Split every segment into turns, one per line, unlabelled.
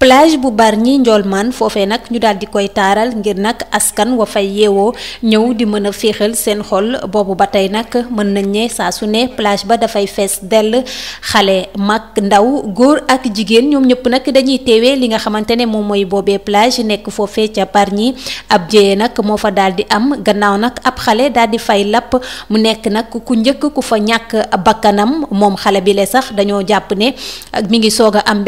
plage bu njool Ndiolmane foofee nag ñu daal di koy taaral ngir nag askan wa fay yeewoo ñëw di mën a féexal seen xol boobu ba tey nag mën nañ ne saa su ne plage ba dafay fees dell xale mag ndaw góor ak jigéen ñoom ñëpp nag dañuy teewee li nga xamante ne moom mooy boobee plage nekk foofee ca Bargny ab jéyee nag moo fa daal di am gannaaw nag ab xale daal di fay lapp mu nekk nag ku njëkk ku fa ñàkk bakkanam moom xale bi le sax dañoo jàpp ne mi ngi soog a am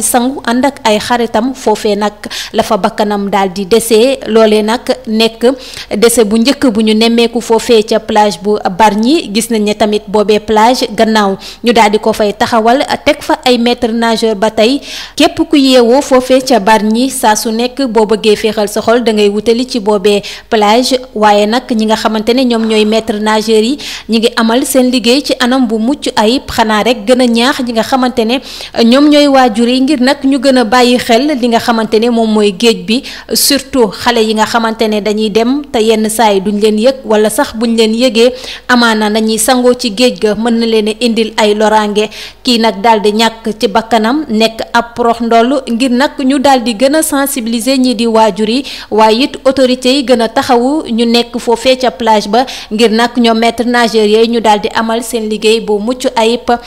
di sangu ànd ak ay xaritam foofee nag la fa bakkanam daal di dese loole nag nekk dese bu njëkk bu ñu nemmeeku foofee ca plage bu Bargny gis nañ ne tamit boobee plage gannaaw ñu daal di ko fay taxawal teg fa ay metre nageur ba tey képp ku yewoo foofee ca Bargny saa su nekk boo bëggee féexal sa xol da ngay wutali ci boobee plage waaye nag ñi nga xamante ne ñoom ñooy maître nageur yi ñi ngi amal seen liggéey ci anam bu mucc ayib xanaa rek gën a ñaax ñi nga xamante ngir nag ñu gën a bàyyi xel li nga xamante ne moom mooy géej bi surtout xale yi nga xamante ne dañuy dem te yenn saa yi duñ leen yëg wala sax buñ leen yëgee amaana nañuy sangoo ci géej ga mën na leen indil ay loraange kii nag daal di ñàkk ci bakkanam nekk ab prox ndoll ngir nag ñu daal di gën a sensibiliser ñi di waajur yi waaye it autorités yi gën a taxawu ñu nekk foofee ca plage ba ngir nag ñoom maître nageur yi ñu daal di amal seen liggéey bu mucc ayib a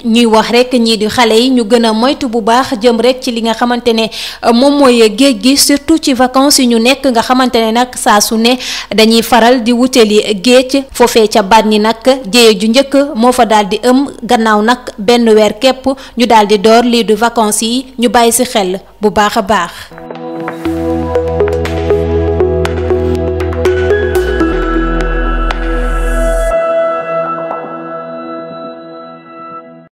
ci li nga xamante ne euh, moom mooy géej gi surtout ci vacances yi ñu nekk nga xamante ne nag saa su ne dañuy faral di wutali géej foofee ca Bargny nag jéye ju njëkk moo fa daal di ëm gannaaw nag benn weer képp ñu daal di door lii du vacances yi ñu bàyyi si xel bu baax a baax